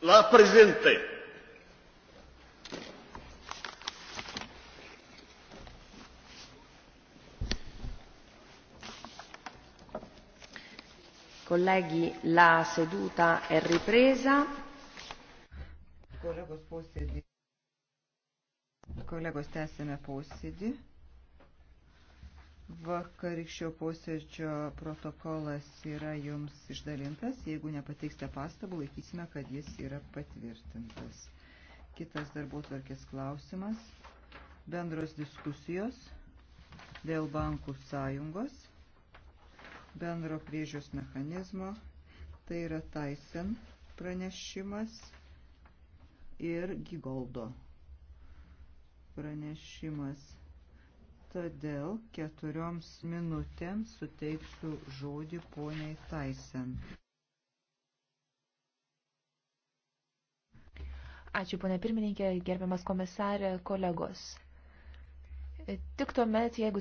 La Presidente. Colleghi, la seduta è ripresa. Kolegos, posėdį. Kolegos, tęsime posėdį. Vakarykščio posėdžio protokolas yra jums išdalintas. Jeigu nepateiksite pastabų, laikysime, kad jis yra patvirtintas. Kitas darbo tvarkės klausimas. Bendros diskusijos dėl bankų sąjungos, bendro priežios mechanizmo. Tai yra Tyson pranešimas ir Gigoldo pranešimas. Todėl keturioms minutėms suteiksiu žodį poniai Taisen. Ačiū, ponia pirmininkė, gerbiamas komisarė, kolegos. Tik tuomet, jeigu